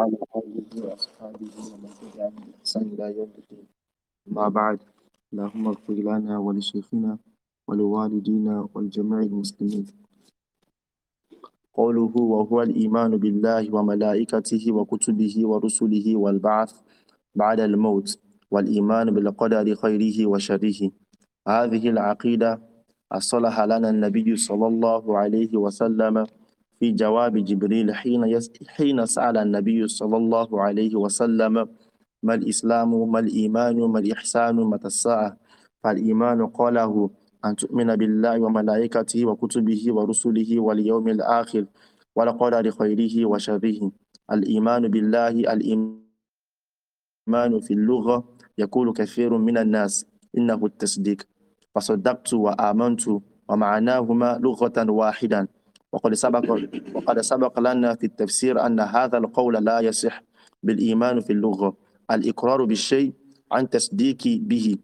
وعلى آله وأصحابه ومن تبعهم بإحسان إلى يوم الدين أما بعد اللهم اغفر لنا ولشيخنا ولوالدينا ولجميع المسلمين قوله وهو الإيمان بالله وملائكته وكتبه ورسله والبعث بعد الموت والإيمان بالقدر خيره وشره هذه العقيدة أصلها لنا النبي صلى الله عليه وسلم في جواب جبريل حين يس حين سأل النبي صلى الله عليه وسلم ما الإسلام ما الإيمان ما الإحسان ما الساعة فالإيمان قاله أن تؤمن بالله وملائكته وكتبه ورسله واليوم الآخر والقدر خيره وشره الإيمان بالله الإيمان في اللغة يقول كثير من الناس إنه التصديق فصدقت وآمنت ومعناهما لغة واحدة وقد سبق وقد سبق لنا في التفسير أن هذا القول لا يصح بالإيمان في اللغة الإقرار بالشيء عن تصديق به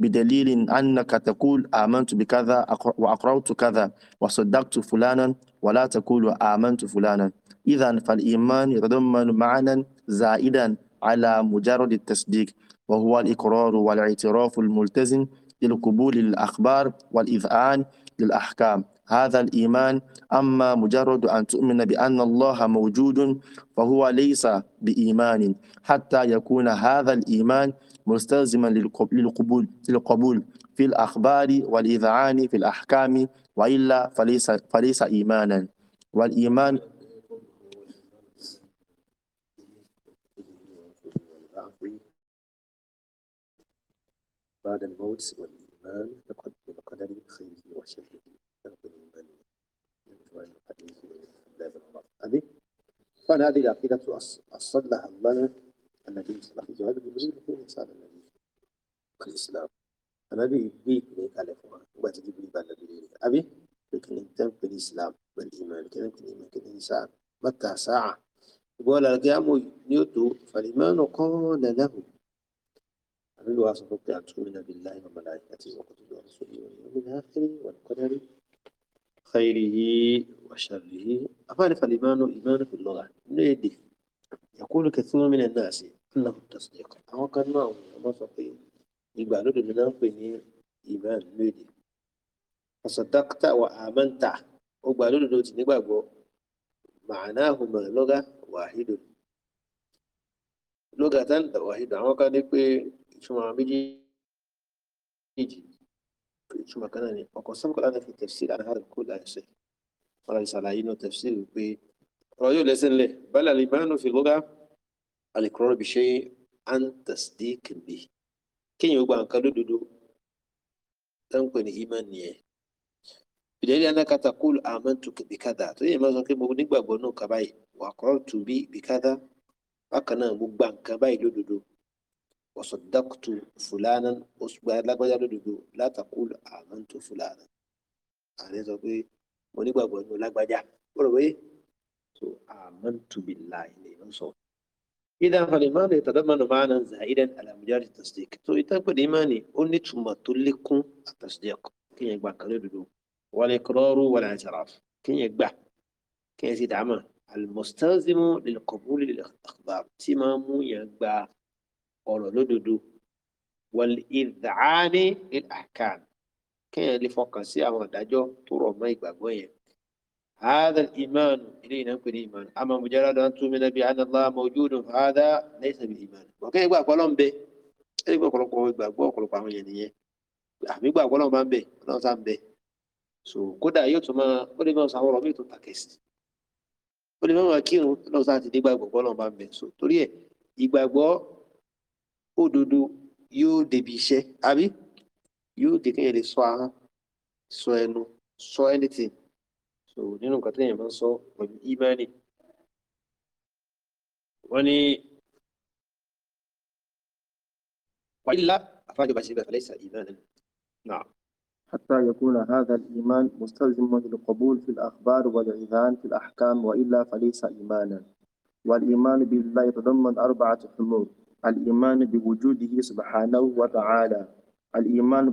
بدليل أنك تقول آمنت بكذا وأقررت كذا وصدقت فلانا ولا تقول آمنت فلانا إذا فالإيمان يتضمن معنى زائدا على مجرد التصديق وهو الإقرار والاعتراف الملتزم للقبول الأخبار والإذعان للأحكام هذا الإيمان أما مجرد أن تؤمن بأن الله موجود فهو ليس بإيمان حتى يكون هذا الإيمان مستلزما للقبول للقبول في الأخبار والإذعان في الأحكام وإلا فليس فليس إيمانا والإيمان بعد الموت والإيمان تقدم بقدر خيره وشره فأنا هذه العقيدة أصل لها لنا النبي صلى الله عليه وسلم بالمزيد يكون إنسان النبي الإسلام أنا بي بي كني قال فوان وبعد بي بال بي أبي لكن تم الإسلام بالإيمان كلام كلمة كإنسان متى ساعة يقول القيام نيوتو فالإيمان قال له أنا لو أصدقك أن تؤمن بالله وملائكته وكتبه ورسوله واليوم الآخر والقدر خيره وشره أخالف الإيمان إيمان في اللغة نيدي يقول كثير من الناس أنه التصديق أو كان ما ما فقيه يقبلون من أنفني إيمان نيدي فصدقت وآمنت أقبلون دوت نبابو معناهما لغة واحد لغة واحدة أو كان يقول شو بيجي ìtumọ̀ kan náà ni ọkọ̀ sọ́kọ̀ láti fi tafsir àti hàrùn kó láì ṣe wọn láti ṣàlàyé náà tafsir pé ọ̀rọ̀ yóò lẹ́sẹ̀ ńlẹ̀ bal al-imanu fi lugha al-iqrar bi shay'in an tasdiq bi kéèyàn ó gba nǹkan lódodo tó ń pè ní iman nìyẹn bìdẹ́lì eh. anákatá kúlù amantu bi kadha tó yẹ máa sọ pé mo nígbàgbọ́ náà kaba yìí wa aqrartu bi bi kadha bákan náà mo gba nǹkan báyìí lódodo وصدقت فلانا أصبح lágbájá lódodo لا تقول آمنت فلانا àní sọ pé mo nígbàgbọ́ nínú lágbájá bọ́dọ̀ pé so آمنت بالله ni ìlú sọ. إذا فالإيمان يتضمن معنى زائدا على مجرد التصديق tó ìtàgbọ́ ní ìmánì ó ní túmọ̀ tó lékún التصديق kí yẹn gbà kan lódodo والإقرار والاعتراف kí yẹn gbà kí yẹn sì dàmà المستلزم للقبول للأخبار tí máa mú yẹn gbà ọ̀rọ̀ lódodo wal idhaani lil ahkam kéèyàn lè fọkàn sí àwọn àdájọ́ tó rọ̀ mọ́ ìgbàgbọ́ yẹn. هذا الإيمان إلينا نقول إيمان أما مجرد أن تؤمن بأن الله موجود هذا ليس بالإيمان وكيف يقول قولهم به ẹni gbọ́ ọ̀pọ̀lọpọ̀ ìgbàgbọ́ ọ̀pọ̀lọpọ̀ àwọn èèyàn nìyẹn àmì gbàgbọ́ náà máa ń bẹ náà sá ń bẹ so kódà yóò tún máa ó lè máa sàwọn ọ̀rọ̀ míì tó tàkẹ́ sí ó lè máa kírun náà sá ti dé gbàgbọ́ náà máa ń bẹ so torí ẹ̀ ìgbàgbọ́ òdodo yóò débi iṣẹ́ àbí yóò dé kéèyàn lè sọ ahọ́n sọ ẹnu sọ anything so nínú nǹkan téèyàn bá ń sọ pẹ̀lú ìmánì wọ́n ní wàhálà àfáàjọba ṣe bẹ̀rẹ̀ lẹ́sà ìmánì náà. حتى يكون هذا الإيمان مستلزما للقبول في الأخبار والإذان في الأحكام وإلا فليس إيمانا والإيمان بالله يتضمن أربعة حمود الإيمان بوجوده سبحانه وتعالى الإيمان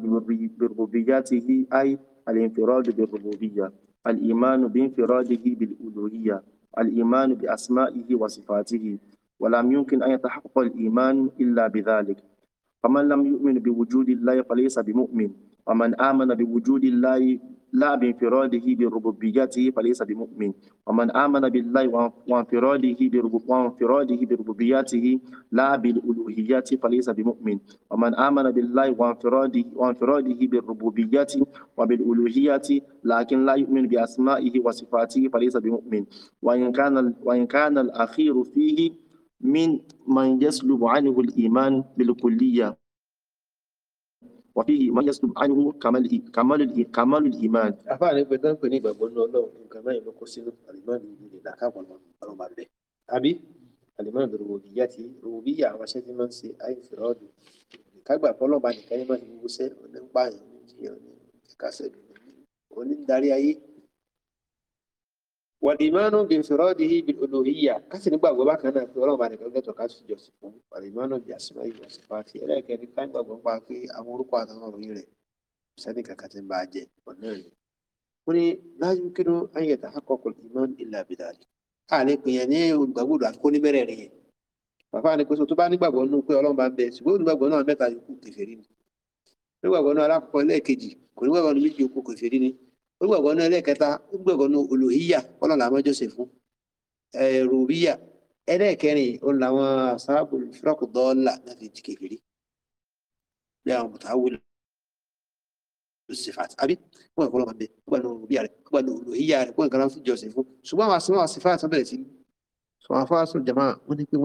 بربوبيته أي الانفراد بالربوبية الإيمان بانفراده بالألوهية الإيمان بأسمائه وصفاته ولم يمكن أن يتحقق الإيمان إلا بذلك فمن لم يؤمن بوجود الله فليس بمؤمن ومن آمن بوجود الله لا بانفراده بربوبيته فليس بمؤمن ومن آمن بالله وانفراده وانفراده بربوبيته لا بالألوهيات فليس بمؤمن ومن آمن بالله وانفراده وانفراده بالربوبيات وبالألوهيات لكن لا يؤمن بأسمائه وصفاته فليس بمؤمن وإن كان وإن كان الأخير فيه من من يسلب عنه الإيمان بالكلية وفيه ما يصدب عنه كمال كمال كمال الايمان afa ni pe tan pe ni ìgbàgbọ́ nu Ọlọ́hun nǹkan náà ló kó sínú alimani ni da ka won Ọlọ́hun ba be àbí alimani bi rububiya ti rububiya àwọn ṣe tí man ṣe ai firodu ká gbà pé Ọlọ́hun ba ti gbogbo ṣe o ni pa wàlìmánú bí nfìrọ́dì yìí bí olóhìyà kásì nígbàgbọ́ bákan náà pé ọlọ́run bá nìkan lẹ́tọ̀ọ́ ká sì jọsìn fún wàlìmánú bí àsìmọ́ yìí jọsìn fún àti ẹlẹ́ẹ̀kẹ́ni ká nígbàgbọ́ pa pé àwọn orúkọ àtàwọn òròyìn rẹ̀ sẹ́ni kankan ti ń bá a jẹ ọ̀nà rẹ̀ wọ́n ní láyé kínú ayé tàkọ́kọ́ ìmọ̀ ìlà bìdàlì àlẹ́ pè yẹn ní olùgbàgbọ́dọ̀ àkókò rẹ̀ ni pé tó bá nígbàgbọ́ nù pé ọlọ́run bá ń bẹ ṣùgbọ́n olùgbàgbọ́ náà mẹ́ta yòókù kèfèrí ni nígbàgbọ́ náà alákọ̀ọ́ ẹlẹ́ẹ̀kejì kò nígbàgbọ́ ó gbàgbọ́ náà ẹlẹ́ẹ̀kẹta ó gbàgbọ́ náà olùhíyà ọlọ́run làwọn joseph fún ẹ̀rùbíyà ẹlẹ́ẹ̀kẹrin òun làwọn sábàbù fúlọ́kù dọ́là náà fi di kékeré bí àwọn mọ̀tà wúlò sifat àbí wọn kọ́ lọ́mọdé wọn gbàgbọ́ olùhíyà rẹ wọn gbàgbọ́ olùhíyà rẹ wọn kàn án fún joseph fún ṣùgbọ́n àwọn asọ́nà sifat wọn bẹ̀rẹ̀ sí sọ afáàsọ jama wọn ní pé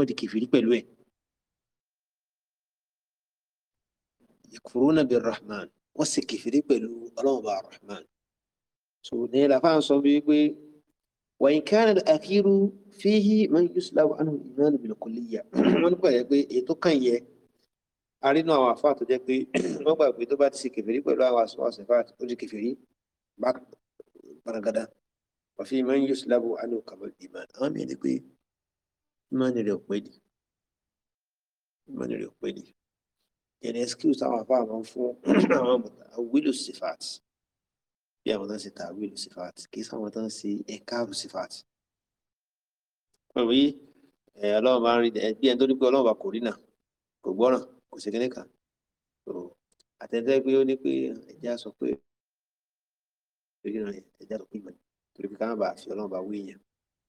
sì kékeré pẹ̀lú ọlọ́run rahman so ní làfà ń sọ wípé wàyí kánà àkírú fíhí máa ń yúsùlá wà ánú ìmánu bil kulliyya wọn nípa yẹ pé ètò kan yẹ arínú àwọn àfáà to jẹ pe wọn gbà pé tó ti ṣe kẹfìrí pẹ̀lú àwọn àṣọ àṣọ ìfà ó di kẹfìrí kamal bí àwọn tó ń ṣe tàwílù sífàtì kì í sáwọn tó ń ṣe ẹ̀káàrù sífàtì. pẹ̀lú yìí ẹ̀ ọlọ́run bá ń rí bí ẹni tó ní pé ọlọ́run bá kò rí náà kò gbọ́ràn kò ṣe kíní kan àtẹ̀tẹ̀ pé ó ní pé ẹja sọ pé ríran ẹja sọ pé ìmọ̀ torí pé káwọn bá fi ọlọ́run bá wí èèyàn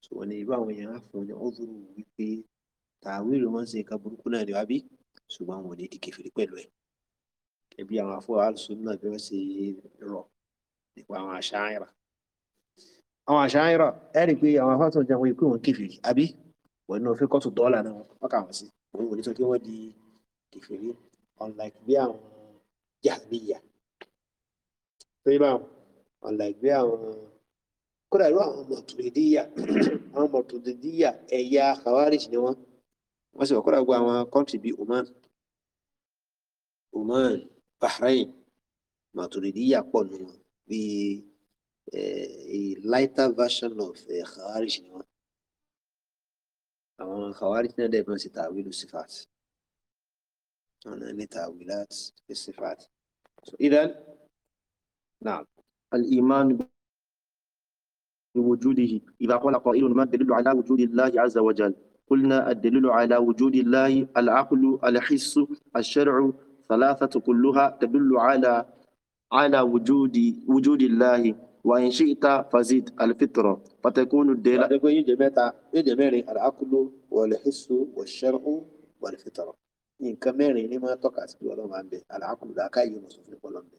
sọ wọn ni irú àwọn èèyàn á fún ọ dúró wípé tàwílù máa ń ṣe nǹkan burúkú náà ni wá bí ṣùgbọ́n wọn ò ní di kẹfìrí pẹ̀lú ẹ̀ nípa àwọn àṣàyàrà àwọn àṣàyàrà ẹ̀rí pé àwọn afáàtò jẹ́ wọn ikú wọn kèfèrí àbí wọn náà fẹ́ kọ́tù dọ́là náà wọ́n kà wọ́n sí wọn ò ní sọ pé wọ́n di kèfèrí unlike bí àwọn jàmíyà tó yẹ báwọn unlike bí àwọn kódà irú àwọn mọ̀tòdìdíyà àwọn mọ̀tòdìdíyà ẹ̀yà khawarij ni wọ́n wọ́n sì wọ́n kódà gbọ́ àwọn kọ́ńtì bíi Oman Oman Bahrain mọ̀tòdìdíyà pọ̀ nù wọn. the uh, a lighter version of the Khawarij ni wọn. Àwọn Khawarij náà dẹ̀ máa ṣe tàwílù sífàt. sífàt. So idan náà al-iman بوجوده إذا قال قائل ما الدليل على وجود الله عز وجل قلنا الدليل على وجود الله العقل الحس الشرع ثلاثة كلها تدل على على وجود وجود الله وإن شئت فزيد الفطرة فتكون الدلالة أدقوا يجمعتا يجمعين العقل والحس والشرع والفطرة إن كمين لما توقع سبيل الله عن به العقل لا كاي مصف لقول به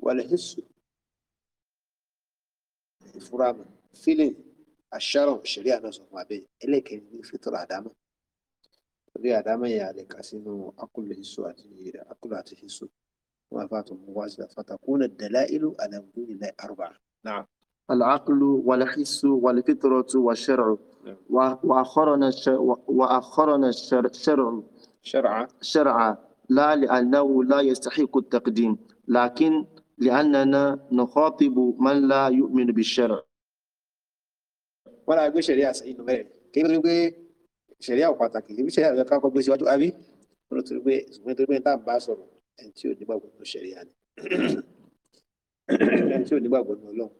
والحس الفرامة فيلين الشرع الشريعة نصف ما به إليك الفطرة دامة rí àdámẹ́yà lè kà sínú akúlẹ̀ ìṣó àti akúlẹ̀ àti ìṣó وفاته وأجله فتكون الدلائل على وجود الله أربعة نعم العقل والحس والفطرة والشرع وأخرنا وأخرنا الشرع شرع شرع لا لأنه لا يستحق التقديم لكن لأننا نخاطب من لا يؤمن بالشرع ولا أقول شريعة سعيد مريم كيف نقول شريعة وقاتك كيف شريعة وقاتك بسيوات كيف نقول شريعة وقاتك بسيوات أبي ẹni tí ò nígbàgbọ́ nínú ṣẹ̀ríà ni ẹni tí ò nígbàgbọ́ nínú ọlọ́run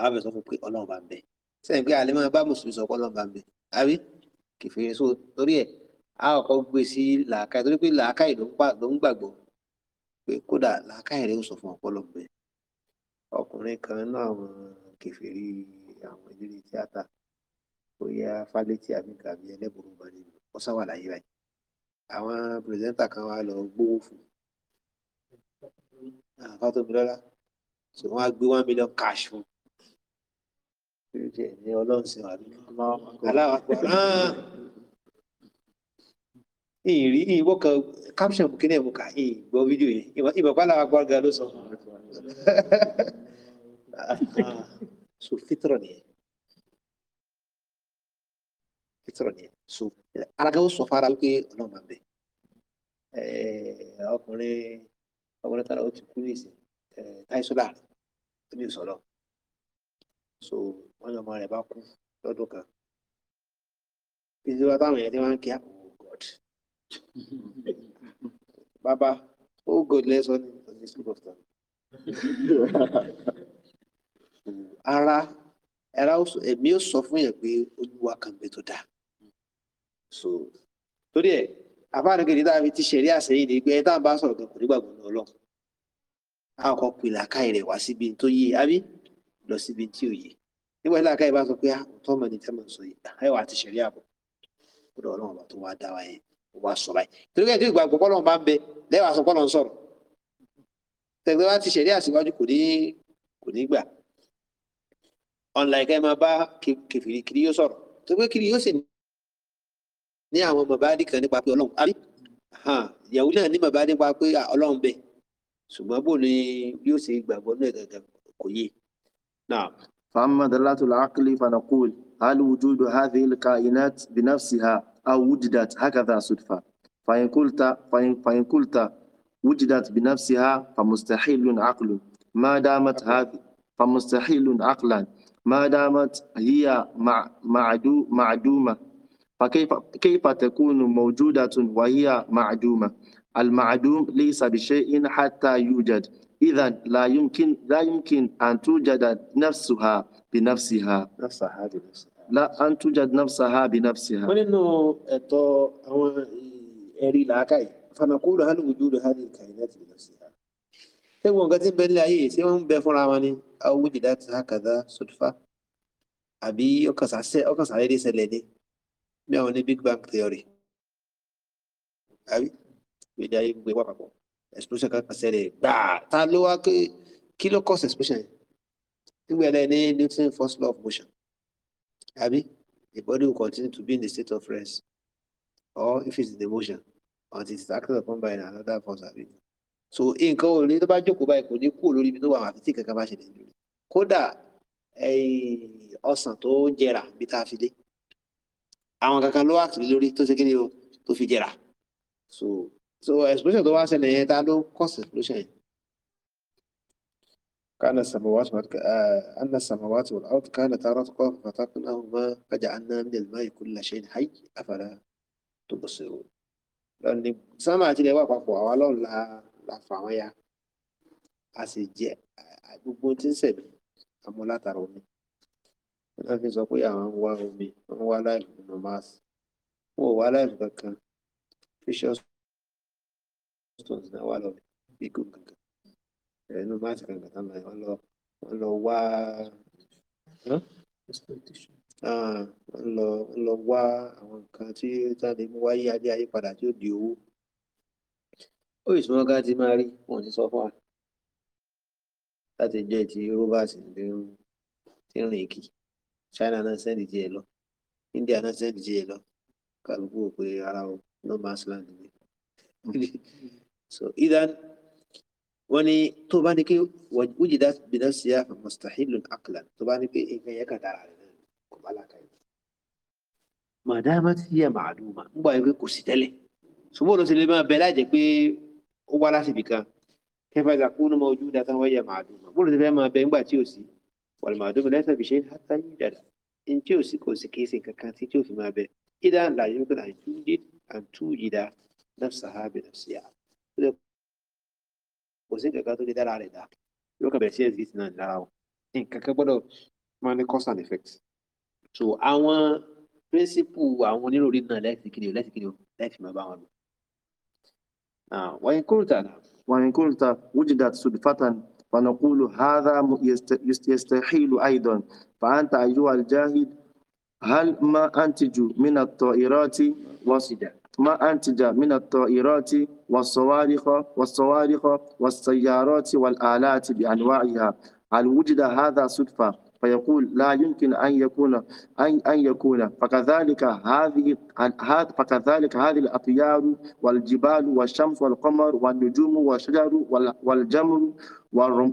àwọn abẹ sọ fún pé ọlọ́run bá ń bẹ sẹ́yìn pé àlẹ́ máa bá mùsùlùmí sọ pé ọlọ́run bá ń bẹ àbí kìfìrí so torí ẹ̀ a kọ́kọ́ gbé sí làákàyè torí pé làákàyè ló ń gbàgbọ́ pé kódà làákàyè rẹ̀ ó sọ fún ọpọlọ bẹ́ẹ̀ ọkùnrin kan náà àwọn kìfìrí àwọn eléré tíátà bóyá fálétì àbí gàmí ẹlẹ́bùrú bá nínú ọ̀sáwà láyé báyìí àwọn pírẹsẹ́ńtà kan wá lọ gbówó fún un àwọn tó mi lọ́la so wọ́n á gbé one million cash fún ní ọlọ́run sí wà nínú aláwọ̀ ìrí ìwọ́ kan caption kí ní ẹ̀mùkà ìgbọ́ fídíò yẹn ìbọ̀ pàlàwà gbọ́gà ló sọ so fitrọ nìyẹn fitrọ nìyẹn so alága ó sọ fara wípé ọlọ́run máa bẹ ọkùnrin ọgbọ́n tààrà ó ti kú ní ìsìn táìsọ́là ó ní ìsọ̀lọ́ so wọ́n ní ọmọ rẹ̀ bá kú lọ́dún kan ìṣèjọba táwọn èèyàn ti máa oh god bàbá oh god lẹ́sọ̀ ní ọdún school of time ara ẹ̀rá ẹ̀mí ó sọ fún yẹn pé olúwa kan bẹ tó dáa so torí ẹ̀ àfáàní kejì tá a fi ti ṣẹ̀rí àṣẹyìn ní gbé tá a bá sọ̀rọ̀ gan kò ní gbàgbọ́ ní ọlọ́run a kọ pìlà káì rẹ̀ wá síbi tó yé àbí lọ síbi tí ò yé nígbà tí làákàyè bá sọ pé àtọ́ ah, mọ̀ ní tẹ́ mọ̀ sọ yìí àyẹ̀wò ah, àti ṣẹ̀rí àbọ̀ kódà ọlọ́run ọba tó wá dá wa yẹn ó wá sọ báyìí torí kẹ́hìn tó ìgbàgbọ́ pọ́lọ́run bá ń bẹ lẹ́wà sọ pọ́lọ́run sọ̀rọ̀ tẹ̀gbẹ́ wá ti ṣẹ̀rí àṣìwájú kò ní àwọn mọ̀bádì kan nípa pé ọlọ́run àbí ìyàwó náà ní mọ̀bádì nípa pé ọlọ́run bẹ̀ ṣùgbọ́n bò ní bí ó ṣe gbàgbọ́ náà gàgà kò yé. فأما دلالة العقل فنقول هل وجود هذه الكائنات بنفسها أو وجدت هكذا صدفة فإن قلت فإن, فإن قلت وجدت بنفسها فمستحيل عقل ما دامت هذه فمستحيل عقلا ما دامت هي مع معدو معدومة فكيف كيف تكون موجودة وهي معدومة؟ المعدوم ليس بشيء حتى يوجد، إذا لا يمكن لا يمكن أن توجد نفسها بنفسها. نفس هذه نفسها. لا أن توجد نفسها بنفسها. فنقول هل وجود هذه الكائنات بنفسها؟ كيف قتل بالله سواء بفرع ماني أو وجدت هكذا صدفة أبي أو كسر أو كسر عليه ní àwọn ní big bang theory àbí ìgbèjà yìí gbé wà papọ̀ explosion kankan ṣẹlẹ̀ gbàá ta ló wá pé kí ló cause explosion yìí nígbà yẹn ní Newton first law of motion àbí the body will continue to be in the state of rest or if it's in the motion until it is acted upon by another force àbí so nǹkan ò ní tó bá jókòó báyìí kò ní kúrò lórí ibi tó wà àfi tí kankan bá ṣẹlẹ̀ lórí kódà ọsàn tó jẹrà bí tá a fi dé àwọn kankan ló wà kiri lórí tó ṣe kí ni o tó fi jẹrà so so explosion tó wá ṣẹlẹ̀ yẹn ta ló cause explosion yẹn. كان السماوات والك... آه... أن السماوات والأرض كانتا رتقا ففتقناهما فجعلنا من الماء كل شيء حي أفلا تبصرون lọ́ni sánmà àti ilẹ̀ wà papọ̀ àwa lọ́run la la fà wọ́n ya a sì jẹ gbogbo tí ń sẹ̀mí àmọ́ látara omi láfi sọ pé àwọn ń wá omi wọn ń wá láìlú nínú máàsì wọn ò wá láìlú kankan precious stones náà wà lọ bí gùn kankan ẹnu máàsì kankan náà máa wọn lọ wọn lọ wá ah, wọn lọ wọn lọ wá àwọn nǹkan tí táde mú wáyé adé ayípadà tí ó di owó ó ìsúná ká ti máa rí wọn ti sọ fún wa láti jẹ ti robert ń rìn kì í. China náà sẹ́ndì díẹ̀ lọ India náà sẹ́ndì díẹ̀ lọ kálukú ò pé ara o no man's land ni so idan wọ́n ní tó bá ní kí wújìdá bìnà sí àfẹ mustahil akla tó bá ní kí nǹkan yẹ ká dára rẹ náà kò bá láka yìí màdàmá ti yẹ màdùmá ń gbà yẹn pé kò sí tẹ́lẹ̀ ṣùgbọ́n ló ti lè máa bẹ láìjẹ́ pé ó wá láti ibì kẹfà ìgbà kúnnú mọ ojú dáta wọ́n yẹ màdùmá bó ló ti fẹ́ máa bẹ ńgbà tí ò sí والمعدوم ليس بشيء حتى يوجد إن تيوسي كوسي كيسي ككاتي تيوفي ما به إذا لا يمكن أن توجد أن توجد نفسها بنفسها kòsí kankan tó lè dára rẹ̀ dá yóò kàn bẹ̀rẹ̀ sí exist náà lára o nǹkan kan so àwọn principle àwọn onírúurú náà lẹ́sìn kiri o lẹ́sìn kiri o lẹ́sìn máa bá wọn lò. wàyí kúrúta wàyí kúrúta wújì dat sùdìfátà ni. ونقول هذا يستحيل أيضا فأنت أيها الجاهد هل ما أنتج من الطائرات وصدا ما أنتج من الطائرات والصواريخ والصواريخ والسيارات والآلات بأنواعها هل وجد هذا صدفة فيقول لا يمكن أن يكون أن أن يكون فكذلك هذه فكذلك هذه الأطيار والجبال والشمس والقمر والنجوم والشجر والجمر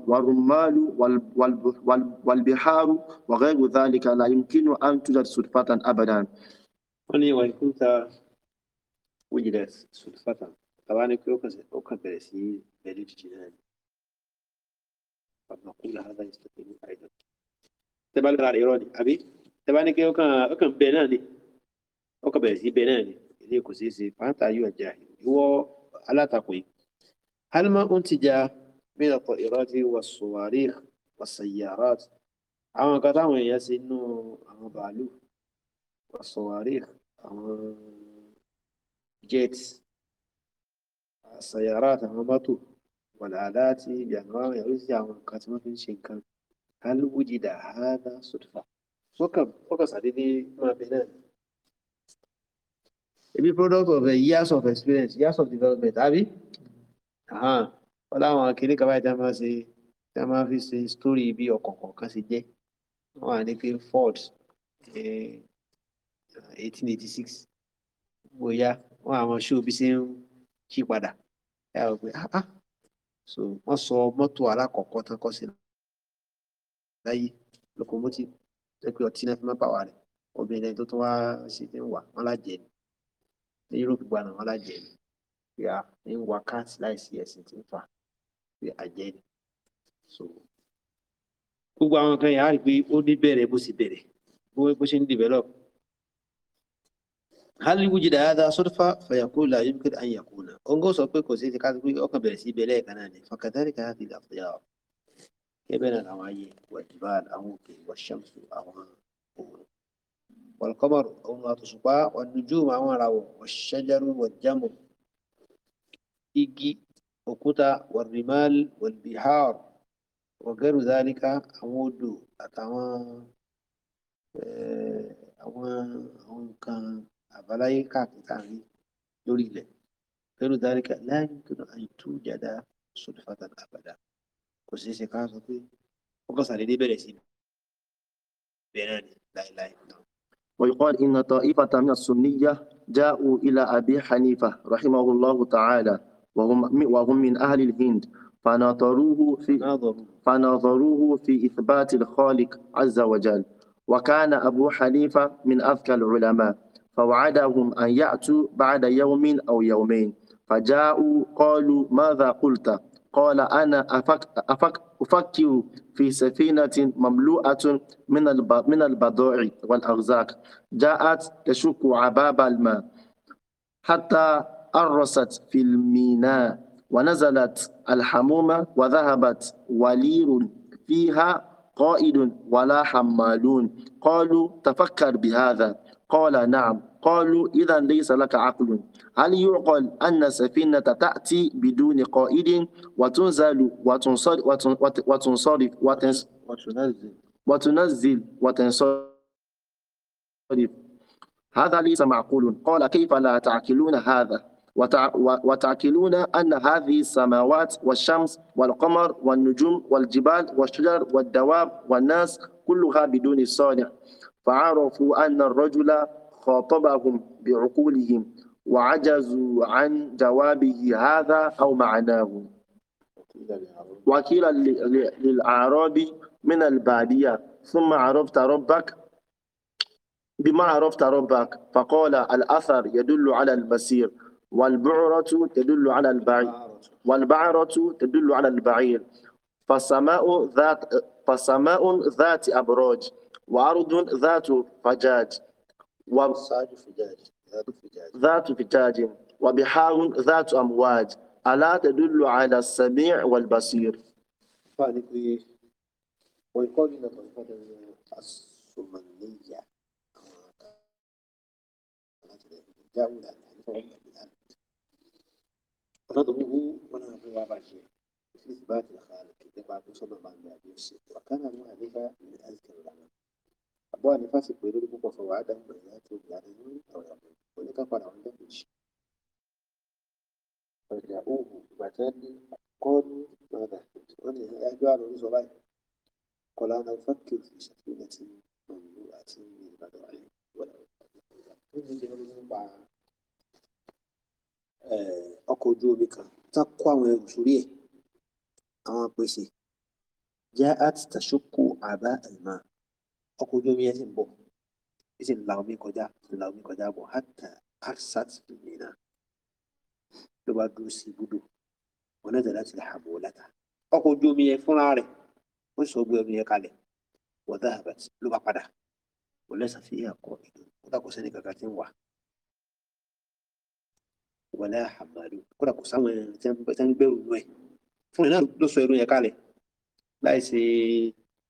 والرمال والبحار وغير ذلك لا يمكن أن توجد صدفة أبدا. وإن كنت صدفة طبعا هذا أيضا تبع العراق الايراني ابي تبع نك او كان كان بيناني او كان بيزي بيناني اللي كو سي سي فانت ايو الجاهل هو على تقوي هل ما انتج من الطائرات والصواريخ والسيارات àwọn kan táwọn èèyàn ṣe inú àwọn bàálù ọ̀sọ̀wárí àwọn jets àṣàyàrá àtàwọn mọ́tò wàlàlá àti ìyànwá àwọn èèyàn àwọn nǹkan tí wọ́n fi ń ṣe nǹkan hal wujida hadha sudfa wọ́n kàn wọ́n kàn sàdédé máa bẹ náà ebi product of a years of experience years of development àbí wọ́n láwọn akéde kaba ìta máa ṣe ìta máa fi ṣe story bí ọkàn kọ̀ọ̀kan ṣe jẹ́ wọ́n wà ní pé Ford eh, eighteen eighty six bóyá wọ́n àwọn show bí ṣe ń yí padà ẹ rò ah, ah. so wọ́n sọ mọ́tò alákọ̀ọ́kọ́ tán kọ́ sí láyé locomotive jẹ́ pé ọtí náà fi má pàwá rẹ̀ obìnrin tó tún wá ṣe ti ń wà wọ́n lájẹ̀ ni ní Europe gba náà wọ́n lájẹ̀ ni pé a ń wa káàtì láìsí ẹ̀sìn tí ń fà pé àjẹ́ ni so gbogbo àwọn nǹkan yẹn á rí pé ó ní bẹ̀rẹ̀ bó sì bẹ̀rẹ̀ bó bó ṣe ń develop hali wujida hada sọdọfà fàyàkó la yóò kéde àyàkó náà ó ń gọ́ sọ pé kò sí ti ká pé ọkàn bẹ̀rẹ̀ sí bẹ̀rẹ̀ kan náà ni fàkàtàrí kan á ti là fìyà ọ́. كبن الأوعية والجبال أموك والشمس أهوان والقمر أوما تصبا والنجوم أوما والشجر والجمر إيجي وكتا والرمال والبحار وغير ذلك أمود أتوا آه، أوان أوان كان أبلاي كاكتاني يريد غير ذلك لا يمكن أن توجد صدفة أبدا kò ṣeé ṣe ká sọ pé ó sàdédé bẹ̀rẹ̀ sí bẹ̀rẹ̀ ni láìláì ويقال إن طائفة من السنية جاءوا إلى أبي حنيفة رحمه الله تعالى وهم وهم من أهل الهند فناظروه في فناظروه في إثبات الخالق عز وجل وكان أبو حنيفة من أذكى العلماء فوعدهم أن يأتوا بعد يوم أو يومين فجاءوا قالوا ماذا قلت قال أنا أفك أفك أفكر في سفينة مملوءة من من البضائع والأرزاق جاءت تشك عباب الماء حتى أرست في الميناء ونزلت الحمومة وذهبت ولير فيها قائد ولا حمالون قالوا تفكر بهذا قال نعم قالوا إذا ليس لك عقل هل يعقل أن سفينة تأتي بدون قائد وتنزل وتنصرف وتنصرف وتنزل وتنزل وتنصرف هذا ليس معقول قال كيف لا تعقلون هذا وتعقلون أن هذه السماوات والشمس والقمر والنجوم والجبال والشجر والدواب والناس كلها بدون صانع فعرفوا أن الرجل خاطبهم بعقولهم وعجزوا عن جوابه هذا أو معناه وكيل للأعرابي من البادية ثم عرفت ربك بما عرفت ربك فقال الأثر يدل على المسير والبعرة تدل على البعير والبعرة تدل على البعير فسماء ذات فسماء ذات أبراج وأرض ذات فجاج و... ذات فجاج وبحار ذات أمواج ألا تدل على السميع والبصير ويقال إن طائفة في إثبات الخالق كما وصل بعد أبي يوسف هو ذلك من أذكر الأعمال Abu Hanifa sì pé lórí púpọ̀ fún wàhálà ìgbà ìyá tó gbà ní ọ̀rọ̀ oníkápadà wọn lẹ́ẹ̀mejì. Ọ̀dà òhù ìgbà tí wọ́n ní kọ́ ní ọ̀dà wọ́n ní ẹjọ́ àrùn orí sọ báyìí. Kọ̀lá náà fákèjì ìṣàfihàn ti pẹ̀lú àti ní Ìbàdàn ayé wọ̀lá. Ó ní ìjọba nípa ọkọ̀ ojú omi kan tá àwọn ẹrù sórí ẹ̀ àwọn apèsè. Jẹ́ àti tàṣókò àbá àìmáà ọkọ̀ ojú omi yẹn sì ń bọ̀ ó sì ń la omi kọjá la omi kọjá bọ̀ hàtà arsat Mina ló bá dúró sí ibùdó wọn náà tẹ̀lé àti lè hàbò láta ọkọ̀ ojú omi yẹn fúnra rẹ̀ ó sì sọ gbé omi yẹn kalẹ̀ wọ́n dá ló bá padà wọ́n lẹ́sà fi àkọ́ ìlú wọ́n dàkọ̀ sẹ́ni kankan tí ń wà wọ́n lẹ́ àmàlú kódà kò sáwọn ẹni tí wọ́n nù ẹ̀ fún náà ló sọ ẹrù yẹn kalẹ̀ láì ṣe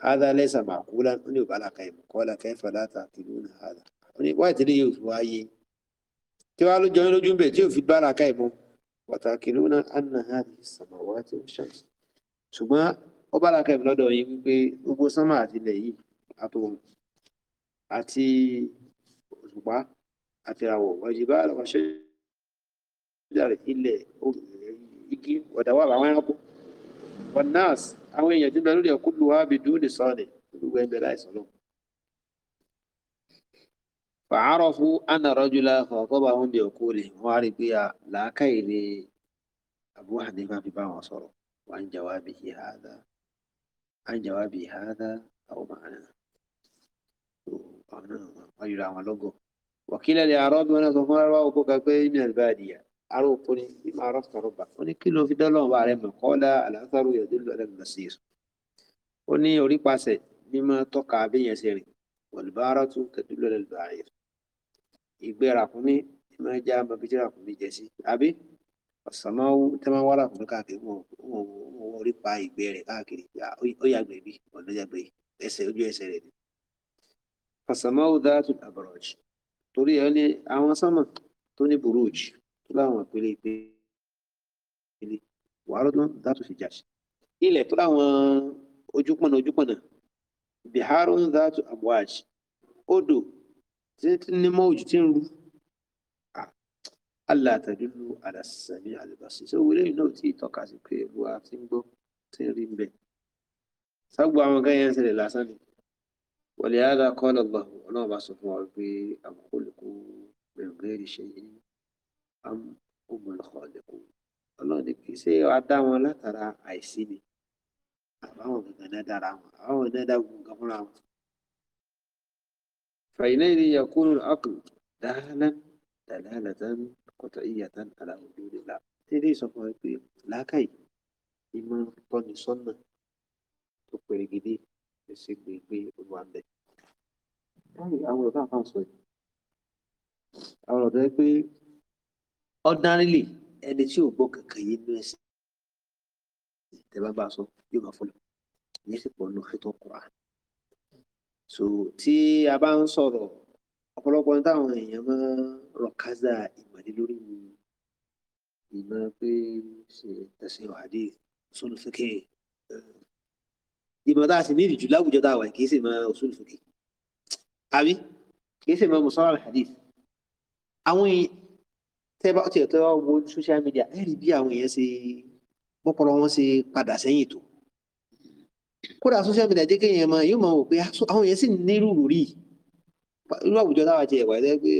هذا ليس معقولا أني يبقى كيف قال كيف لا تعقلون هذا أني وايت لي يفواي تعالوا جعلوا جنبه تيو في البالا كيف وتعقلون أن هذه السماوات والشمس ثم وبالا كيف لا دوي بو سماوات لي أتوم أتي أتوبا أتراو وجبال وشجر إلا igi ọ̀dà wà àwọn wọn nọọsì àwọn èèyàn tí ń bẹ lórí ẹkú lu wa bi dúró ní sọọni gbogbo ẹgbẹ láìsàn lọ. fàárọ̀ fún anàrọ́júlá fọ̀ọ́kọ́bà wọn bí òkú lè wọ́n á rí pé a làákàyè ni Abu Hanifa fi bá wọn sọ̀rọ̀ wọ́n ń jawá bí i hàdá ń jawá bí i hàdá àwọn màánà ọ̀nà wọn yóò ra wọn lọ́gọ̀. wàkílẹ̀ lè àrọ́ bí wọn náà sọ fún ara ara oko ni bí máa rọ sọ̀rọ̀ bá ó ní kí ló fi dọ́lọ́wọ́ bá rẹ mọ̀ kọ́ la àlàáfàrú yẹ̀dú lọ́dẹ̀ lọ sí èso ó ní orí pàṣẹ mímọ tọ́ka abéyẹn ṣe rìn olùbárà tún tẹ̀dú lọ́dẹ̀ lọ́dẹ̀ ààrẹ ìgbẹ́ ràkúnmí mímọ já mọbi tí ràkúnmí jẹ sí àbí ọ̀sánmáwó tẹ́mọ́ wá ràkúnmí káàkiri wọn wọn orí pa ìgbẹ́ rẹ̀ káàkiri ó yàgbẹ́ bí ọ̀nà yàgbẹ́ ẹsẹ̀ ojú ẹsẹ̀ rẹ̀ ni ọ̀sánmáwó dáàtú àbọ̀rọ̀jì torí ẹ ní àwọn sánmà tó ní burújì kí láwọn ìpele ìpele wàhálà tó dátù fi jà sí. ilẹ̀ tó láwọn ojúpọ̀nà ojúpọ̀nà bihar ń dátù abuaj odò tí ní mọ́ ojú tí ń rú alátàdúlù àdàsàmì àlùbàṣì tó wọlé yìí náà tí ìtọ́ka sí pé ewu àti ń gbọ́ tí ń rí ń bẹ̀. ságbó àwọn gáyẹn ṣẹlẹ̀ lásán ni wọ̀lẹ̀ àdàkọ́ lọ́gbà ọlọ́run bá sọ fún wa pé àkókò lè kó ṣe yìí am humul khaliqun ọlọ́run ní kì í ṣe wàá dá wọn látara àìsí ni àbáwọn gangan náà dára wọn àbáwọn náà dá gbogbo nǹkan fúnra wọn. فإليه يكون العقل دهلا دلالة قطعية على وجود الله tẹ́lẹ̀ sọ fún wa pé làákàyè ni máa ń tọ́ni sọ́nà tó pèrègidé tó ṣe gbègbè olùwàbẹ̀. báyìí àwọn ọ̀dọ́ àfàǹsọ̀ yìí àwọn ọ̀dọ́ pé ordinarily ẹni tí ò gbọ́ kankan yìí nínú ẹ̀sìn tẹ́lá bá sọ yóò máa fọlọ́ ìyẹn sì pọ̀ nù ètò Kùránì. so tí a bá ń sọ̀rọ̀ ọ̀pọ̀lọpọ̀ ní táwọn èèyàn máa ń rọ̀kázà ìmọ̀lẹ́ lórí mi ìmọ̀ pé ṣe tẹ̀sán ìwádìí sọ́nù fẹ́kẹ́ ìmọ̀ tá a sì ní ìrìjù láwùjọ tá a wà kì í sì máa òṣùlù àbí kì í sì máa mùsọ́lá àwọn èèyàn tẹ́ bá tiẹ̀ tẹ́ wá social media ẹ rí bí àwọn èèyàn ṣe pọ́pọ́rọ́ wọn ṣe padà sẹ́yìn tó kódà social media jẹ́ kéèyàn máa yóò máa wò pé ah, àwọn èèyàn sì nírú rí irú àwùjọ táwa ti ẹ̀wà ẹ̀ pé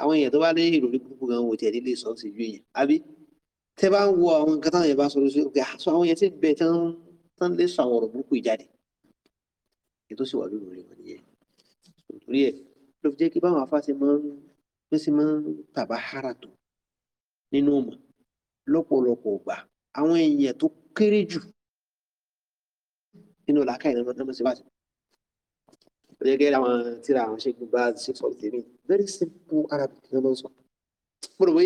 àwọn èèyàn tó bá ní ìròrí gbogbo gan wò tiẹ̀ nílé sọ sí ju èèyàn àbí tẹ́ bá ń wo àwọn nǹkan táwọn èèyàn bá sọ lóṣù pé àṣọ àwọn èèyàn sì bẹ tán tán lè sọ àwọn ọ̀rọ̀ burúkú ìjáde ètò sì wà lórí wọn nìyẹn torí ẹ̀ ló fi jẹ́ kí báwọn afáṣe máa máa ń tàbá hàrà tó nínú ìmọ̀ lọ́pọ̀lọpọ̀ ọgbà àwọn èèyàn tó kéré jù nínú làákà ìlànà ọmọ sí wáṣẹ gẹ́gẹ́ àwọn tíra àwọn ṣẹ́gun bá ṣe sọ tèmi very simple arabic ni wọ́n sọ mo rò pé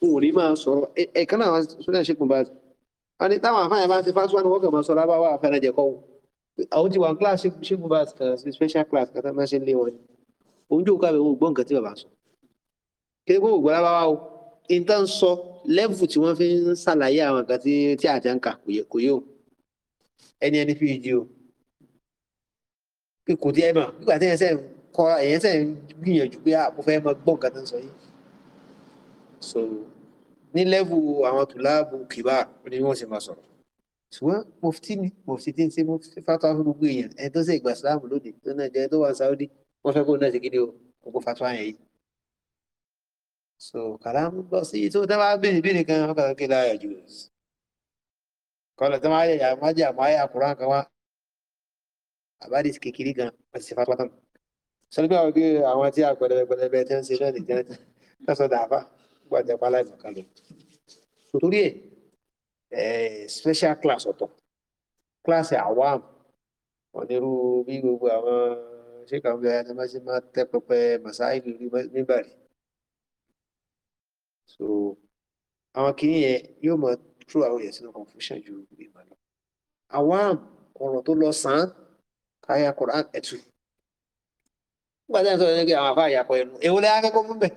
n ò ní máa sọ̀rọ̀ ẹ̀ka náà sọ́dọ̀ ṣẹ́gun bá wọn ni táwọn afáàyàn bá ń ṣe fásitì wọn ni wọ́n kàn máa sọ lábáwá afẹ́rẹ́jẹ kọ́ àwọn ti wà ní class ṣẹ́gun bá ṣe special class kàtà máa ṣe ń lé wọn ni òun jókòó àbẹ̀wò gbọ́ nǹkan tí bàbá sọ kéde kó gbọ́ lábáwá o nǹkan sọ lẹ́fù tí wọ́n fi ń ṣàlàyé àwọn nǹkan tí tí àjà ń kà kò yẹ kò yẹ o ẹni ẹni fi di o kò tí ẹ mọ̀ nígbà tí ẹ̀sẹ̀ ń kọ́ ẹ̀yẹ́sẹ̀ ń gbìyànjú pé àpò fẹ́ mọ gbọ́ nǹkan tó ń sọ yìí so ní lẹ́fù àwọn tùláàbù kìbá ni wọ́n sì máa sọ̀rọ̀ ṣùgbọ́n mufti ni mufti tí ń ṣe mufti fatwa fún gbogbo èèyàn ẹni tó ṣe ìgbà síláàmù lónìí tó náà jẹ́ tó wà sáúdí wọ́n fẹ́ kó náà ṣe gidi o kókó fatwa yẹn yìí so kalam basit so tama bini bini kan haka kake kita ya juz kala tama ya maji amaya ya Qur'an abadi sikikiri gan masih watan so bi àwọn bi àwọn tí agbede gbede be ten se lónìí ten ta so dafa gba de pala mo kan lo so eh special class atau class awam oniru bí gbogbo àwọn ṣe kan be ma ṣe ma tẹ pẹpẹ masai bi bari so àwọn kìíní yẹn yóò mọ throw àwọn èèyàn sínú confusion ju ìmọ̀ lọ àwọn ọ̀rọ̀ tó lọ sàn án káyà Quran ẹ̀tù nígbà tí wọ́n sọ̀rọ̀ nígbà àwọn àfa àyàpọ̀ ẹnu èwo lẹ́yìn akẹ́kọ̀ọ́ fún bẹ̀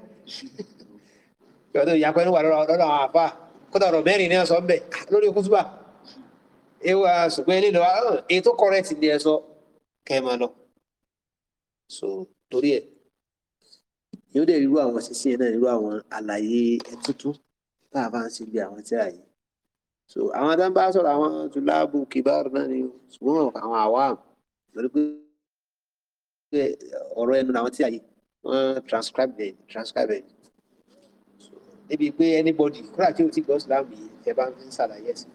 yọ̀dọ̀ ìyàpọ̀ ẹnu wà lọ́dọ̀ àwọn àfa kódà ọ̀rọ̀ mẹ́rin ní ẹ̀sọ́ bẹ̀ ah, lórí kútùbà ewa ah, ṣùgbọ́n ilé lọ́wọ́ oh, èyí tó correct ní ẹ̀sọ́ kẹ́ẹ̀mọ́ lọ so torí ẹ̀ yóò dẹ̀ irú àwọn sísìn yẹn náà irú àwọn àlàyé ẹtútún tá a bá ń ṣe bí àwọn tíra yìí so àwọn tá ń bá sọ̀rọ̀ àwọn tùláàbù kìbáàrù náà ni ṣùgbọ́n àwọn àwàm lórí pé ọ̀rọ̀ ẹnu làwọn tíra yìí wọ́n transcribe them transcribe them níbi pé anybody kúrò àti òtí gbọ́ sílámù yìí ẹ bá ń ṣàlàyé ẹ̀sìn.